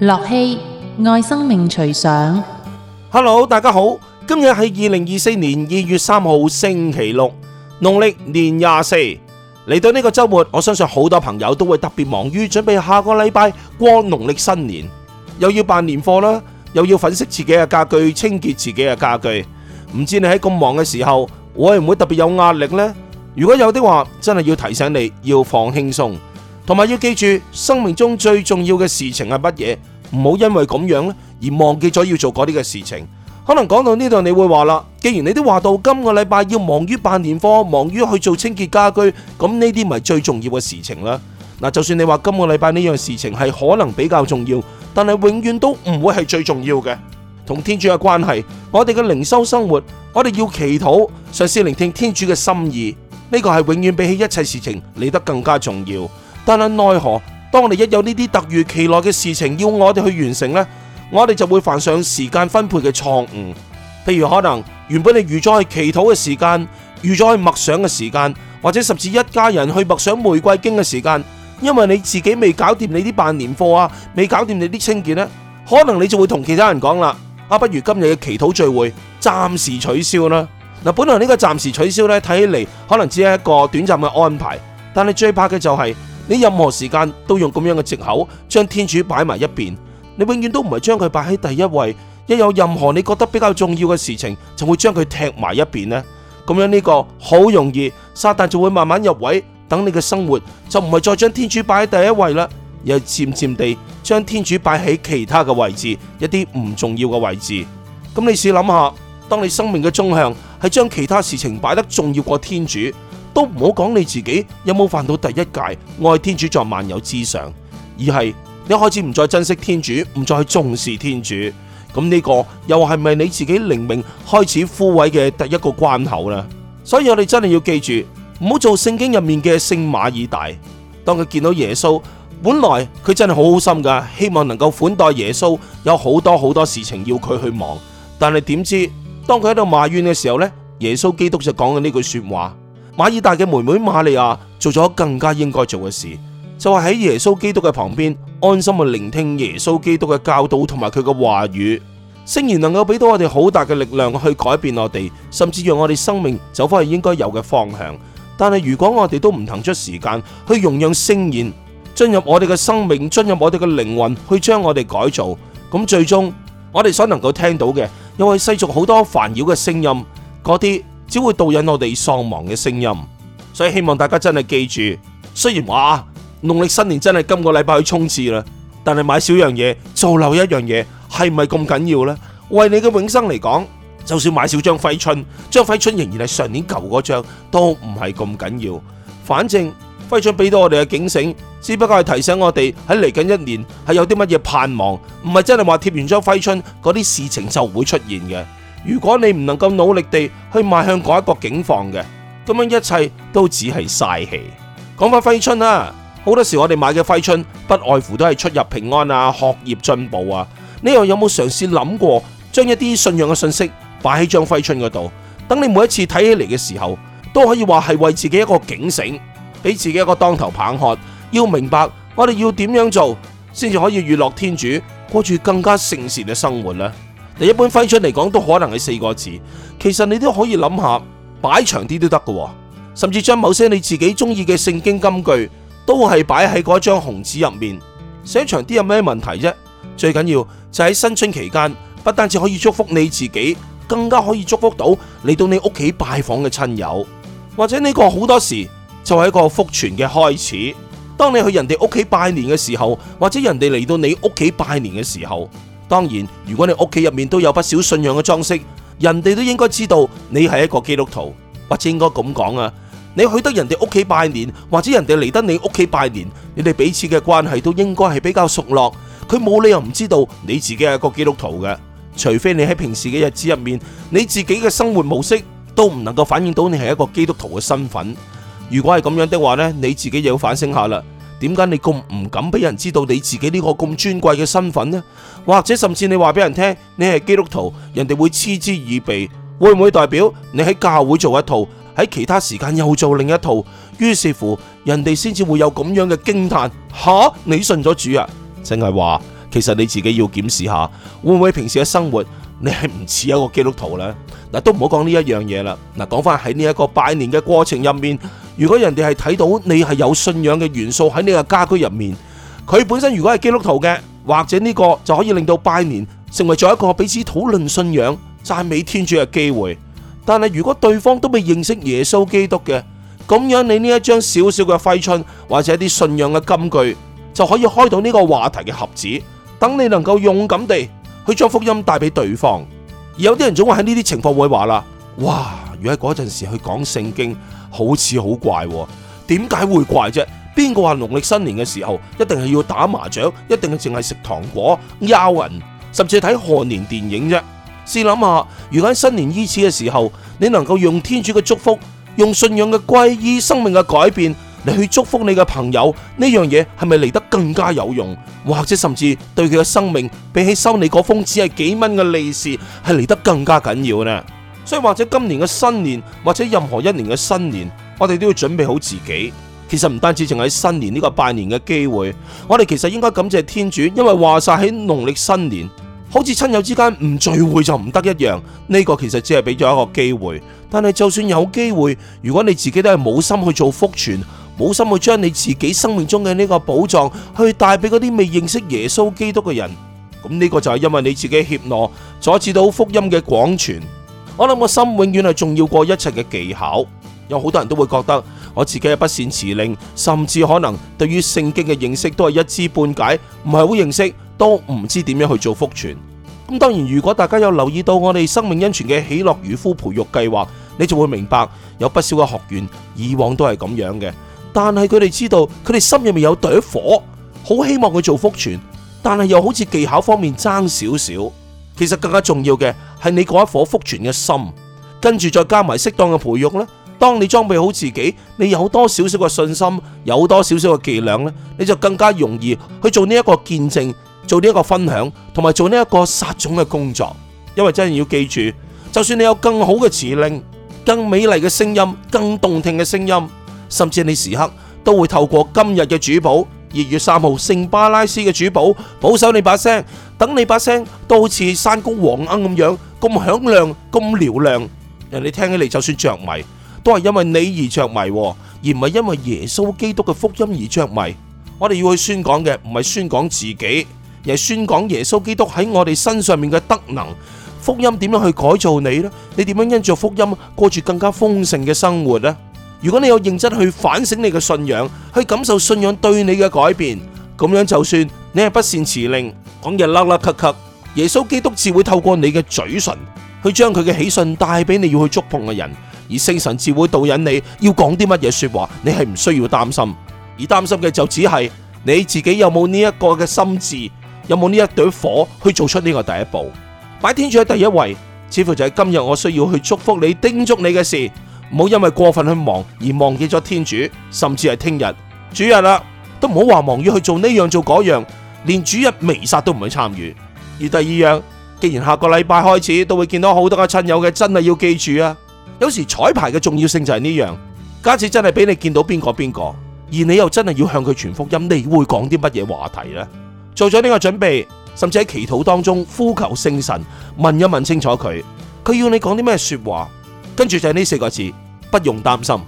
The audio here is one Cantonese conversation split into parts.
駱曦愛生命隨想，Hello，大家好，今日係二零二四年二月三號星期六，農曆年廿四。嚟到呢個周末，我相信好多朋友都會特別忙於準備下個禮拜過農曆新年，又要辦年貨啦，又要粉飾自己嘅家具，清潔自己嘅家具。唔知你喺咁忙嘅時候，會唔會特別有壓力呢？如果有啲話，真係要提醒你，要放輕鬆。同埋要記住，生命中最重要嘅事情係乜嘢？唔好因為咁樣咧而忘記咗要做嗰啲嘅事情。可能講到呢度，你會話啦，既然你都話到今個禮拜要忙於辦年貨，忙於去做清潔家居，咁呢啲咪最重要嘅事情咧？嗱，就算你話今個禮拜呢樣事情係可能比較重要，但係永遠都唔會係最重要嘅。同天主嘅關係，我哋嘅靈修生活，我哋要祈禱，嘗試聆聽天主嘅心意，呢個係永遠比起一切事情嚟得更加重要。但係奈何，當你一有呢啲突如其來嘅事情要我哋去完成呢，我哋就會犯上時間分配嘅錯誤。譬如可能原本你預咗去祈禱嘅時間，預咗去默想嘅時間，或者甚至一家人去默想玫瑰經嘅時間，因為你自己未搞掂你啲辦年貨啊，未搞掂你啲清潔呢，可能你就會同其他人講啦：啊，不如今日嘅祈禱聚會暫時取消啦。嗱、啊，本來呢個暫時取消呢，睇起嚟可能只係一個短暫嘅安排，但係最怕嘅就係、是。你任何時間都用咁樣嘅借口將天主擺埋一邊，你永遠都唔係將佢擺喺第一位。一有任何你覺得比較重要嘅事情，就會將佢踢埋一邊呢。咁樣呢個好容易，撒旦就會慢慢入位，等你嘅生活就唔係再將天主擺喺第一位啦，而係漸漸地將天主擺喺其他嘅位置，一啲唔重要嘅位置。咁你試諗下，當你生命嘅中向係將其他事情擺得重要過天主。都唔好講你自己有冇犯到第一戒，愛天主在萬有之上，而係你開始唔再珍惜天主，唔再重視天主，咁呢個又係咪你自己靈命開始枯萎嘅第一個關口呢？所以我哋真係要記住，唔好做聖經入面嘅聖馬爾大，當佢見到耶穌，本來佢真係好好心噶，希望能夠款待耶穌，有好多好多事情要佢去忙，但係點知當佢喺度埋怨嘅時候呢，耶穌基督就講緊呢句說話。馬爾大嘅妹妹瑪利亞做咗更加應該做嘅事，就係喺耶穌基督嘅旁邊安心去聆聽耶穌基督嘅教導同埋佢嘅話語。聖言能夠俾到我哋好大嘅力量去改變我哋，甚至讓我哋生命走翻去應該有嘅方向。但係如果我哋都唔騰出時間去容讓聖言，進入我哋嘅生命，進入我哋嘅靈魂，去將我哋改造，咁最終我哋所能夠聽到嘅，又係世俗好多煩擾嘅聲音，嗰啲。只會導引我哋喪亡嘅聲音，所以希望大家真係記住。雖然話啊，農曆新年真係今個禮拜去衝刺啦，但係買少樣嘢做漏一樣嘢，係咪咁緊要呢？為你嘅永生嚟講，就算買少張揮春，張揮春仍然係上年舊嗰張，都唔係咁緊要。反正揮春俾到我哋嘅警醒，只不過係提醒我哋喺嚟緊一年係有啲乜嘢盼望，唔係真係話貼完張揮春，嗰啲事情就唔會出現嘅。如果你唔能夠努力地去邁向嗰一個境況嘅，咁樣一切都只係嘥氣。講翻揮春啦、啊，好多時我哋買嘅揮春不外乎都係出入平安啊、學業進步啊。你又有冇嘗試諗過將一啲信仰嘅信息擺喺張揮春嗰度？等你每一次睇起嚟嘅時候，都可以話係為自己一個警醒，俾自己一個當頭棒喝。要明白我哋要點樣做，先至可以悅樂天主，過住更加聖善嘅生活呢。你一般揮春出嚟講都可能係四個字，其實你都可以諗下擺長啲都得嘅，甚至將某些你自己中意嘅聖經金句都係擺喺嗰張紅紙入面，寫長啲有咩問題啫？最緊要就喺新春期間，不單止可以祝福你自己，更加可以祝福到嚟到你屋企拜訪嘅親友，或者呢個好多時就係一個福傳嘅開始。當你去人哋屋企拜年嘅時候，或者人哋嚟到你屋企拜年嘅時候。當然，如果你屋企入面都有不少信仰嘅裝飾，人哋都應該知道你係一個基督徒，或者應該咁講啊。你去得人哋屋企拜年，或者人哋嚟得你屋企拜年，你哋彼此嘅關係都應該係比較熟絡。佢冇理由唔知道你自己係一個基督徒嘅，除非你喺平時嘅日子入面，你自己嘅生活模式都唔能夠反映到你係一個基督徒嘅身份。如果係咁樣的話呢，你自己又要反省下啦。點解你咁唔敢俾人知道你自己呢個咁尊貴嘅身份呢？或者甚至你話俾人聽你係基督徒，人哋會嗤之以鼻，會唔會代表你喺教會做一套，喺其他時間又做另一套？於是乎，人哋先至會有咁樣嘅驚嘆：吓，你信咗主啊！淨係話，其實你自己要檢視下，會唔會平時嘅生活？你係唔似一個基督徒咧？嗱，都唔好講呢一樣嘢啦。嗱，講翻喺呢一個拜年嘅過程入面，如果人哋係睇到你係有信仰嘅元素喺你嘅家居入面，佢本身如果係基督徒嘅，或者呢個就可以令到拜年成為咗一個彼此討論信仰、讚美天主嘅機會。但係如果對方都未認識耶穌基督嘅，咁樣你呢一張少少嘅揮春或者啲信仰嘅金句，就可以開到呢個話題嘅盒子，等你能夠勇敢地，佢將福音帶俾對方，而有啲人總會喺呢啲情況會話啦。哇！如果喺嗰陣時去講聖經，好似好怪喎，點解會怪啫？邊個話農曆新年嘅時候一定係要打麻雀，一定係淨係食糖果、撩人，甚至係睇賀年電影啫？試諗下，如果喺新年伊始嘅時候，你能夠用天主嘅祝福，用信仰嘅歸依，生命嘅改變。你去祝福你嘅朋友呢樣嘢係咪嚟得更加有用，或者甚至對佢嘅生命比起收你嗰封只係幾蚊嘅利是，係嚟得更加緊要呢？所以或者今年嘅新年，或者任何一年嘅新年，我哋都要準備好自己。其實唔單止淨喺新年呢個拜年嘅機會，我哋其實應該感謝天主，因為話晒喺農曆新年，好似親友之間唔聚會就唔得一樣。呢個其實只係俾咗一個機會，但係就算有機會，如果你自己都係冇心去做福傳。冇心去將你自己生命中嘅呢個寶藏去帶俾嗰啲未認識耶穌基督嘅人，咁呢個就係因為你自己怯懦阻止到福音嘅廣傳。我諗我心永遠係重要過一切嘅技巧。有好多人都會覺得我自己係不善辭令，甚至可能對於聖經嘅認識都係一知半解，唔係好認識都唔知點樣去做福傳。咁當然，如果大家有留意到我哋生命恩泉嘅喜樂漁夫培育計劃，你就會明白有不少嘅學員以往都係咁樣嘅。但係佢哋知道，佢哋心入面有朵火，好希望佢做福傳，但係又好似技巧方面爭少少。其實更加重要嘅係你嗰一顆福傳嘅心，跟住再加埋適當嘅培育呢，當你裝備好自己，你有多少少嘅信心，有多少少嘅伎倆呢，你就更加容易去做呢一個見證，做呢一個分享，同埋做呢一個撒種嘅工作。因為真係要記住，就算你有更好嘅詞令，更美麗嘅聲音，更動聽嘅聲音。甚至你時刻都會透過今日嘅主保，二月三號聖巴拉斯嘅主保，保守你把聲，等你把聲都好似山谷黃鶯咁樣咁響亮、咁嘹亮，人哋聽起嚟就算着迷，都係因為你而着迷，而唔係因為耶穌基督嘅福音而着迷。我哋要去宣講嘅唔係宣講自己，而係宣講耶穌基督喺我哋身上面嘅德能，福音點樣去改造你呢？你點樣因着福音過住更加豐盛嘅生活呢？如果你有認真去反省你嘅信仰，去感受信仰對你嘅改變，咁樣就算你係不善辭令，講嘢甩甩咳咳，耶穌基督自會透過你嘅嘴唇去將佢嘅喜訊帶俾你要去觸碰嘅人，而聖神自會導引你要講啲乜嘢說話，你係唔需要擔心，而擔心嘅就只係你自己有冇呢一個嘅心智，有冇呢一朵火去做出呢個第一步，擺天主喺第一位，似乎就係今日我需要去祝福你、叮囑你嘅事。唔好因為過分去忙而忘記咗天主，甚至係聽日主日啦、啊，都唔好話忙於去做呢樣做嗰樣，連主日彌撒，都唔去參與。而第二樣，既然下個禮拜開始都會見到好多嘅親友嘅，真係要記住啊。有時彩排嘅重要性就係呢樣，假設，真係俾你見到邊個邊個，而你又真係要向佢傳福音，你會講啲乜嘢話題呢？做咗呢個準備，甚至喺祈禱當中呼求聖神，問一問清楚佢，佢要你講啲咩說話。跟住就係呢四個字，不用擔心，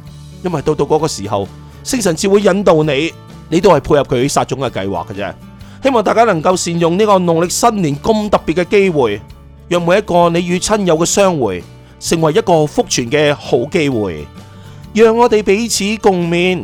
因為到到嗰個時候，聖神只會引導你，你都係配合佢殺種嘅計劃嘅啫。希望大家能夠善用呢個農曆新年咁特別嘅機會，讓每一個你與親友嘅相會，成為一個福傳嘅好機會，讓我哋彼此共勉。